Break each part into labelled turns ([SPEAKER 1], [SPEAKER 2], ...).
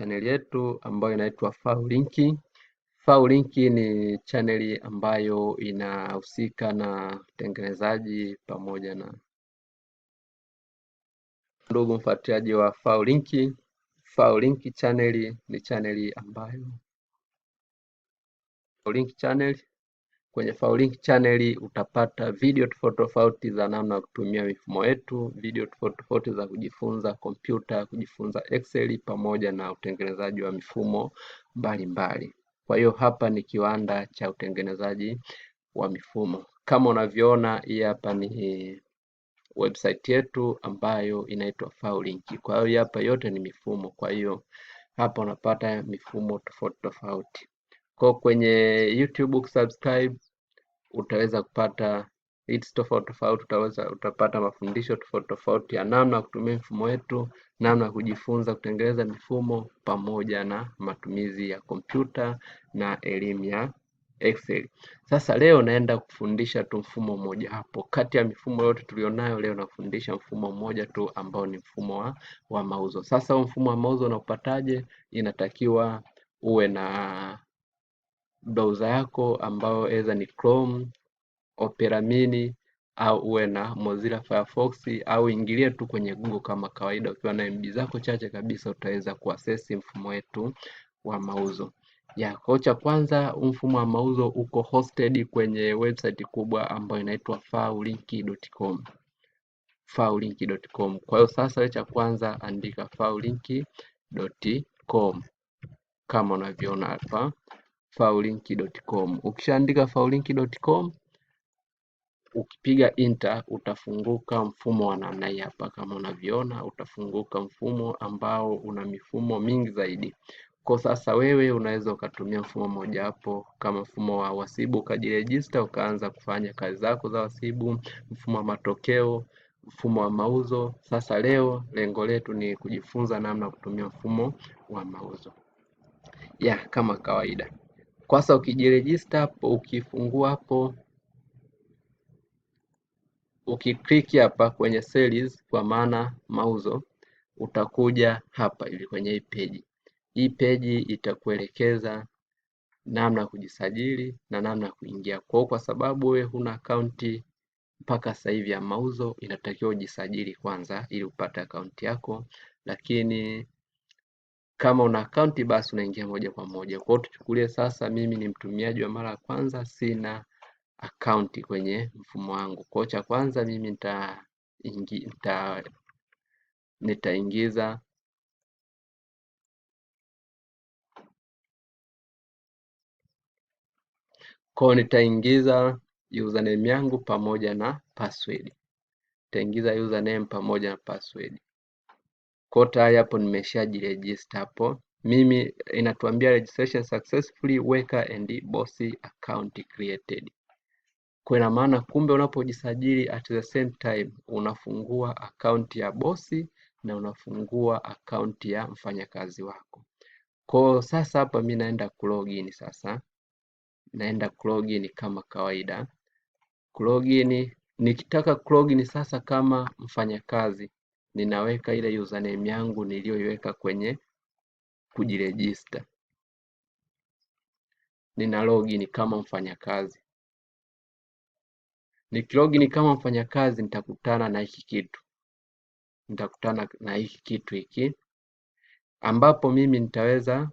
[SPEAKER 1] chaneli yetu ambayo inaitwa Faulinki. Faulinki ni chaneli ambayo inahusika na utengenezaji pamoja na ndugu mfuatiliaji wa Faulinki. Faulinki chaneli ni chaneli ambayo Faulinki chaneli Kwenye Faulink channel utapata video tofauti tofauti za namna ya kutumia mifumo yetu, video tofauti tofauti za kujifunza kompyuta, kujifunza Excel pamoja na utengenezaji wa mifumo mbalimbali. Kwa hiyo hapa ni kiwanda cha utengenezaji wa mifumo. Kama unavyoona hii hapa ni website yetu ambayo inaitwa Faulink. Kwa hiyo hapa yote ni mifumo, kwa hiyo hapa unapata mifumo tofauti tofauti. Kwa kwenye YouTube ukisubscribe utaweza kupata hits tofauti tofauti, utaweza utapata mafundisho tofauti tofauti ya namna ya kutumia mfumo wetu, namna ya kujifunza kutengeneza mifumo pamoja na matumizi ya kompyuta na elimu ya Excel. Sasa leo naenda kufundisha tu mfumo mmoja hapo kati ya mifumo yote tulionayo. Leo nafundisha mfumo mmoja tu ambao ni mfumo wa, wa mauzo. Sasa huu mfumo wa mauzo unaupataje? Inatakiwa uwe na browser yako ambayo aidha ni Chrome, Opera Mini au uwe na Mozilla Firefox au ingilie tu kwenye Google kama kawaida. Ukiwa na MB zako chache kabisa, utaweza kuasesi mfumo wetu wa mauzo ya kwa cha kwanza, mfumo wa mauzo uko hosted kwenye website kubwa ambayo inaitwa faulink.com faulink.com. Kwa hiyo sasa, cha kwanza andika faulink.com kama unavyoona hapa faulink.com. Ukishaandika faulink.com ukipiga enter utafunguka mfumo wa namna hii hapa, kama unavyoona, utafunguka mfumo ambao una mifumo mingi zaidi. Kwa sasa wewe unaweza ukatumia mfumo mmoja hapo kama mfumo wa wasibu, ukajirejista ukaanza kufanya kazi zako za wasibu, mfumo wa matokeo, mfumo wa mauzo. Sasa leo lengo letu ni kujifunza namna kutumia mfumo wa mauzo ya kama kawaida kwasa ukijirejista hapo, ukifungua hapo, ukikliki hapa kwenye sales, kwa maana mauzo, utakuja hapa ili kwenye hii peji. Hii peji itakuelekeza namna ya kujisajili na namna ya kuingia kwao. Kwa sababu wewe huna akaunti mpaka sasa hivi ya mauzo, inatakiwa ujisajili kwanza ili upate akaunti yako, lakini kama una akaunti basi unaingia moja kwa moja. Kwa hiyo tuchukulie sasa mimi ni mtumiaji wa mara ya kwanza, sina akaunti kwenye mfumo wangu. Kwa hiyo cha kwanza mimi nita ingi, nita nitaingiza kwa nitaingiza username yangu pamoja na password. Nitaingiza username pamoja na password. Kwa tayari hapo nimeshajiregister hapo. Mimi inatuambia registration successfully weka and boss account created. Kwa ina maana kumbe unapojisajili at the same time unafungua akaunti ya bosi na unafungua akaunti ya mfanyakazi wako. Kwa sasa hapa mimi naenda kulogin sasa. Naenda kulogin kama kawaida. Kulogin nikitaka kulogin sasa kama mfanyakazi ninaweka ile username yangu niliyoiweka kwenye kujirejista. Nina login kama mfanyakazi. Nikilogin kama mfanyakazi nitakutana na hiki kitu, nitakutana na hiki kitu hiki ambapo mimi nitaweza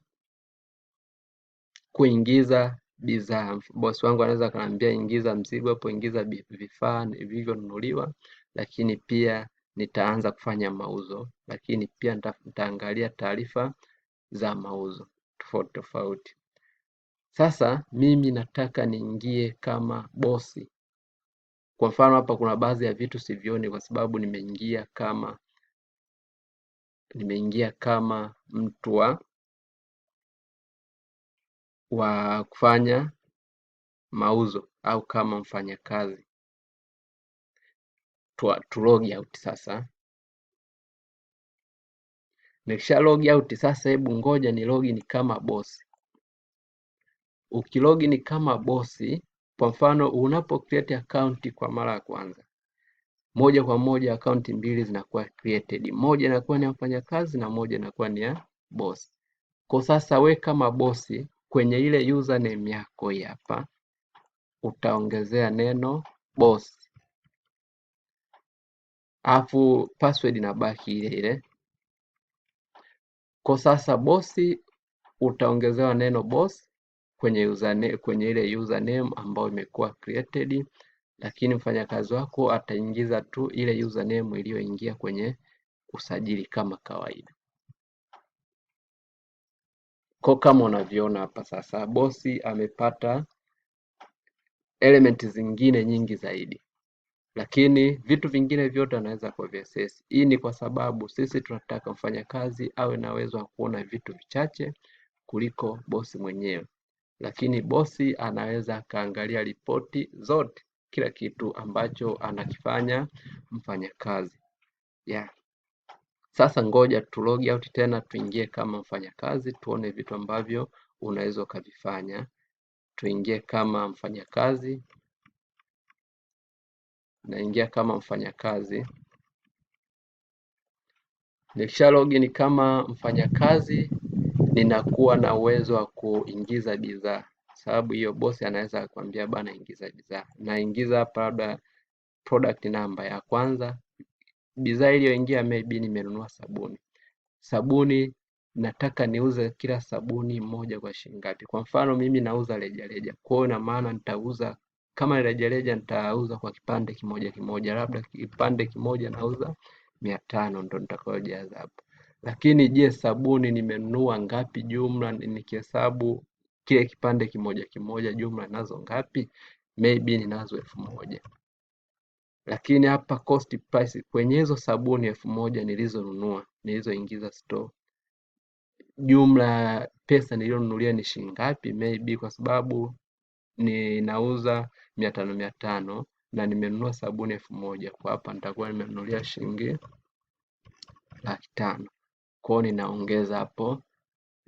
[SPEAKER 1] kuingiza bidhaa. Bosi wangu anaweza akaniambia ingiza mzigo hapo, ingiza vifaa vilivyonunuliwa, lakini pia nitaanza kufanya mauzo, lakini pia nitaangalia taarifa za mauzo tofauti tofauti. Sasa mimi nataka niingie kama bosi. Kwa mfano hapa kuna baadhi ya vitu sivioni kwa sababu nimeingia kama nimeingia kama mtu wa wa kufanya mauzo au kama mfanyakazi tu log out sasa. Nikisha log out sasa, hebu ngoja ni login kama bosi. Ukilogin kama bosi, kwa mfano unapo create account kwa mara ya kwanza, moja kwa moja akaunti mbili zinakuwa created, moja inakuwa ni ya mfanyakazi na moja inakuwa ni ya bosi. Kwa sasa we kama bosi kwenye ile username yako hapa utaongezea neno bosi alafu password inabaki ile ile. Kwa sasa bosi utaongezewa neno boss kwenye username, kwenye ile username ambayo imekuwa created, lakini mfanyakazi wako ataingiza tu ile username iliyoingia kwenye usajili kama kawaida. Kwa kama unavyoona hapa sasa, bosi amepata elementi zingine nyingi zaidi lakini vitu vingine vyote anaweza kuviaccess. Hii ni kwa sababu sisi tunataka mfanyakazi awe na uwezo wa kuona vitu vichache kuliko bosi mwenyewe, lakini bosi anaweza akaangalia ripoti zote, kila kitu ambacho anakifanya mfanyakazi yeah. Sasa ngoja tu log out tena, tuingie kama mfanyakazi, tuone vitu ambavyo unaweza ukavifanya. Tuingie kama mfanyakazi naingia kama mfanyakazi. Nikisha login kama mfanyakazi, ninakuwa na uwezo wa kuingiza bidhaa, sababu hiyo bosi anaweza kuambia bana, ingiza bidhaa. Naingiza hapa labda product number ya kwanza, bidhaa iliyoingia maybe nimenunua sabuni. Sabuni nataka niuze kila sabuni moja kwa shilingi ngapi? Kwa mfano mimi nauza rejareja, kwa hiyo na maana nitauza kama ni rejareja nitauza kwa kipande kimoja kimoja, labda kipande kimoja nauza mia tano ndo nitakayojaza hapo. Lakini je, sabuni nimenunua ngapi jumla? Nikihesabu kile kipande kimoja kimoja, jumla nazo ngapi? Maybe ninazo elfu moja lakini hapa cost price kwenye hizo sabuni elfu moja nilizonunua nilizoingiza store, jumla pesa nilionunulia ni shilingi ngapi? Maybe kwa sababu ninauza mia tano mia tano na nimenunua sabuni elfu moja kwa hapa nitakuwa nimenunulia shilingi laki tano kwao ninaongeza hapo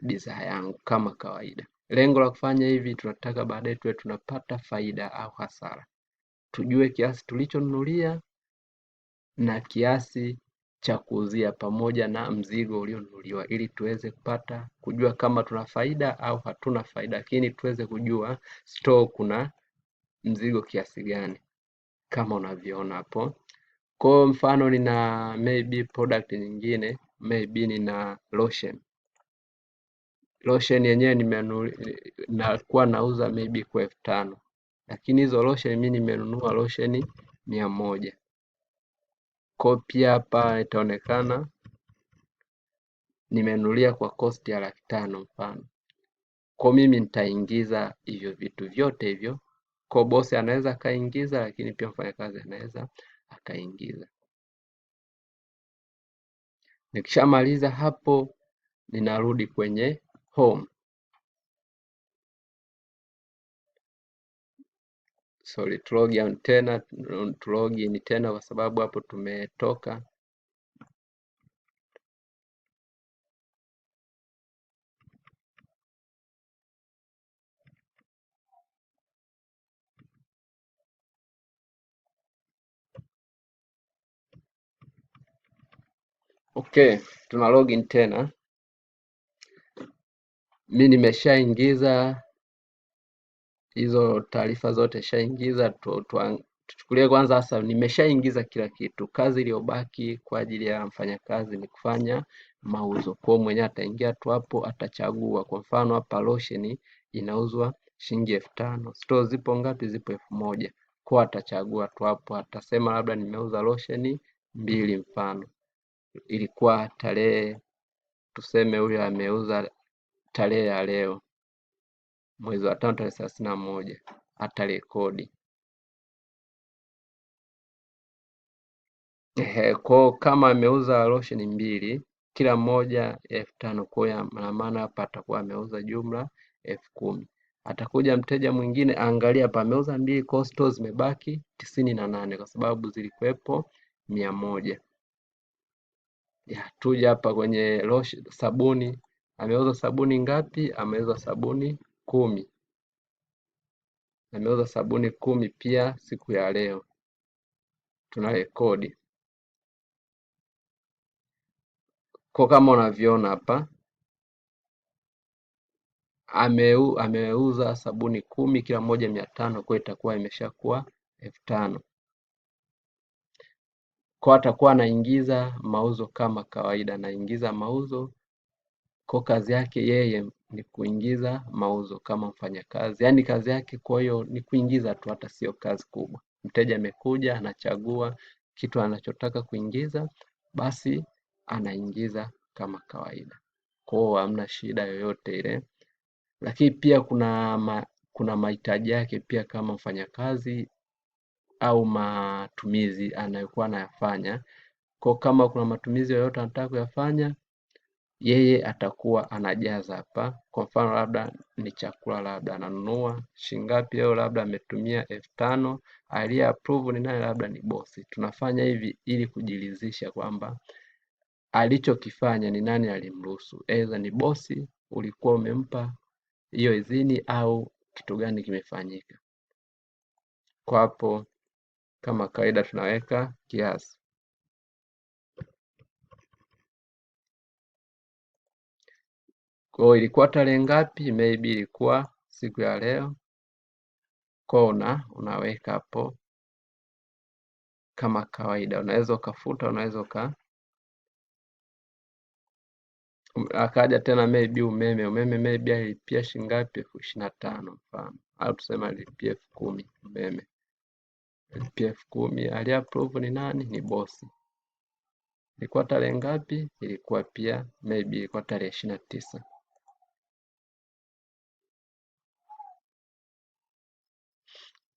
[SPEAKER 1] bidhaa yangu kama kawaida. Lengo la kufanya hivi, tunataka baadaye tuwe tunapata faida au hasara, tujue kiasi tulichonunulia na kiasi cha kuuzia pamoja na mzigo ulionunuliwa, ili tuweze kupata kujua kama tuna faida au hatuna faida, lakini tuweze kujua store kuna mzigo kiasi gani, kama unavyoona hapo. Kwa mfano nina maybe product nyingine, maybe nina lotion lotion yenyewe kuwa nauza maybe kwa elfu tano lakini hizo lotion mi nimenunua lotion mia moja pia hapa itaonekana nimenunulia kwa cost ya laki tano mfano, kwa mimi nitaingiza hivyo vitu vyote hivyo kwa bosi anaweza akaingiza, lakini pia mfanyakazi anaweza akaingiza. Nikishamaliza hapo ninarudi kwenye home. sorry, tulogi tena, tulogi ni tena kwa sababu hapo tumetoka Okay, tuna login tena. Mi nimeshaingiza hizo taarifa zote shaingiza, tuchukulie kwanza sasa, nimeshaingiza kila kitu. Kazi iliyobaki kwa ajili ya mfanyakazi ni kufanya mauzo. Kwa mwenye mwenyewe ataingia tu hapo, atachagua. Kwa mfano hapa lotion inauzwa shilingi elfu tano store zipo ngapi? Zipo elfu moja kwa atachagua tu hapo, atasema labda nimeuza lotion mbili, mfano ilikuwa tarehe tuseme, huyo ameuza tarehe ya leo mwezi wa tano tarehe thelathini na moja atarekodi. Ehe, kwao kama ameuza losheni mbili kila moja elfu tano kwa maana hapa atakuwa ameuza jumla elfu kumi. Atakuja mteja mwingine, angalia hapa ameuza mbili, costo zimebaki tisini na nane kwa sababu zilikuwepo mia moja. Tuja hapa kwenye losh, sabuni ameuza sabuni ngapi? Ameuza sabuni kumi. ameuza sabuni kumi pia siku ya leo, tunarekodi ko kama unavyoona hapa ameu, ameuza sabuni kumi kila moja mia tano kwa itakuwa imeshakuwa elfu tano kwa atakuwa anaingiza mauzo kama kawaida, anaingiza mauzo ko kazi yake yeye ni kuingiza mauzo kama mfanyakazi, yaani kazi yake kwa hiyo ni kuingiza tu, hata sio kazi kubwa. Mteja amekuja anachagua kitu anachotaka kuingiza, basi anaingiza kama kawaida, kwao hamna shida yoyote ile. Lakini pia kuna ma, kuna mahitaji yake pia kama mfanyakazi au matumizi anayokuwa anayafanya Kwa kama kuna matumizi yoyote anataka kuyafanya yeye atakuwa anajaza hapa. Kwa mfano labda ni chakula, labda ananunua shingapi au labda ametumia elfu tano. Aliye approve ni naye, Labda ni bosi. Tunafanya hivi ili kujiridhisha kwamba alichokifanya ni nani alimruhusu, aidha ni bosi ulikuwa umempa hiyo idhini au kitu gani kimefanyika. Kwa hapo, kama kawaida, tunaweka kiasi Kwa hiyo ilikuwa tarehe ngapi? Maybe ilikuwa siku ya leo. Kwa una unaweka hapo kama kawaida, unaweza ukafuta, unaweza uka um, akaja tena maybe umeme umeme maybe alipia shilingi ngapi? elfu ishirini na tano mfano, au tuseme alipia elfu kumi umeme alipia elfu kumi ni nani? Ni bosi. Ilikuwa tarehe ngapi? Ilikuwa pia maybe ilikuwa tarehe ishirini na tisa.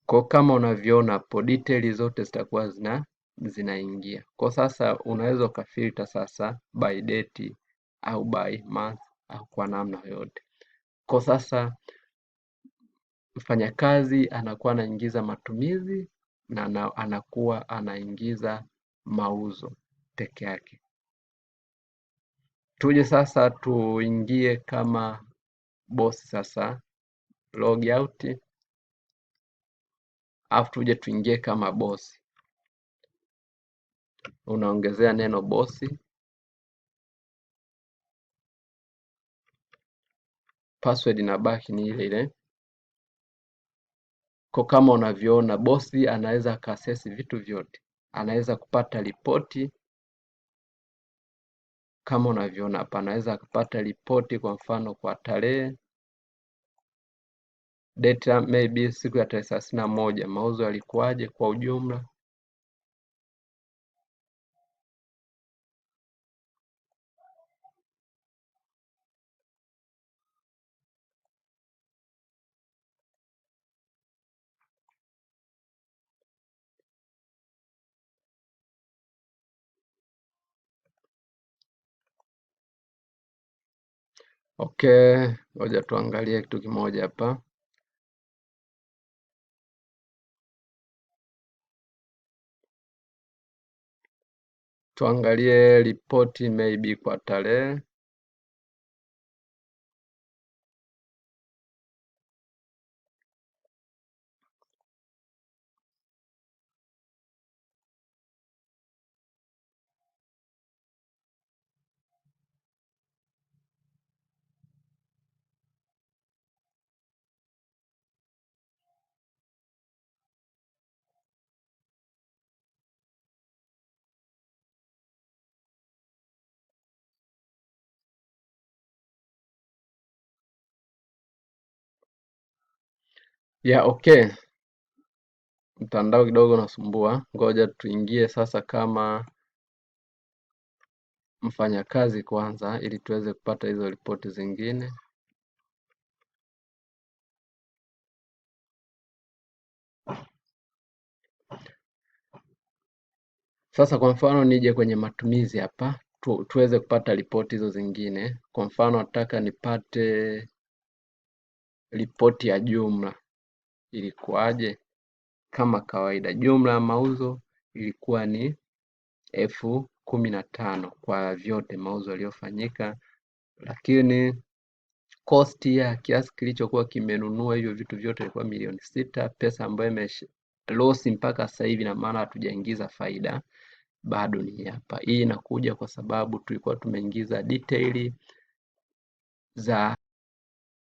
[SPEAKER 1] Kwa kama unavyoona hapo detail zote zitakuwa zina zinaingia. Kwa sasa unaweza ukafilter sasa by date au by month au kwa namna yoyote. Kwa sasa mfanyakazi anakuwa anaingiza matumizi na anakuwa anaingiza mauzo peke yake. Tuje sasa tuingie kama bosi sasa, log out alafu tuje tuingie kama bosi. Unaongezea neno bosi, password inabaki ni ile ile kwa kama unavyoona, bosi anaweza akaasesi vitu vyote, anaweza kupata ripoti kama unavyoona hapa, anaweza akapata ripoti kwa mfano kwa tarehe data maybe siku ya tarehe thelathini na moja mauzo yalikuwaje kwa ujumla Okay, ngoja tuangalie kitu kimoja hapa. tuangalie ripoti maybe kwa tarehe Yeah, okay. Mtandao kidogo unasumbua, ngoja tuingie sasa kama mfanyakazi kwanza, ili tuweze kupata hizo ripoti zingine. Sasa kwa mfano nije kwenye matumizi hapa tu, tuweze kupata ripoti hizo zingine. Kwa mfano nataka nipate ripoti ya jumla ilikuwaje? Kama kawaida, jumla ya mauzo ilikuwa ni elfu kumi na tano kwa vyote mauzo yaliyofanyika, lakini kosti ya kiasi kilichokuwa kimenunua hivyo vitu vyote ilikuwa milioni sita, pesa ambayo imelosi losi mpaka sasa hivi, na maana hatujaingiza faida bado ni hapa. Hii inakuja kwa sababu tulikuwa tumeingiza detaili za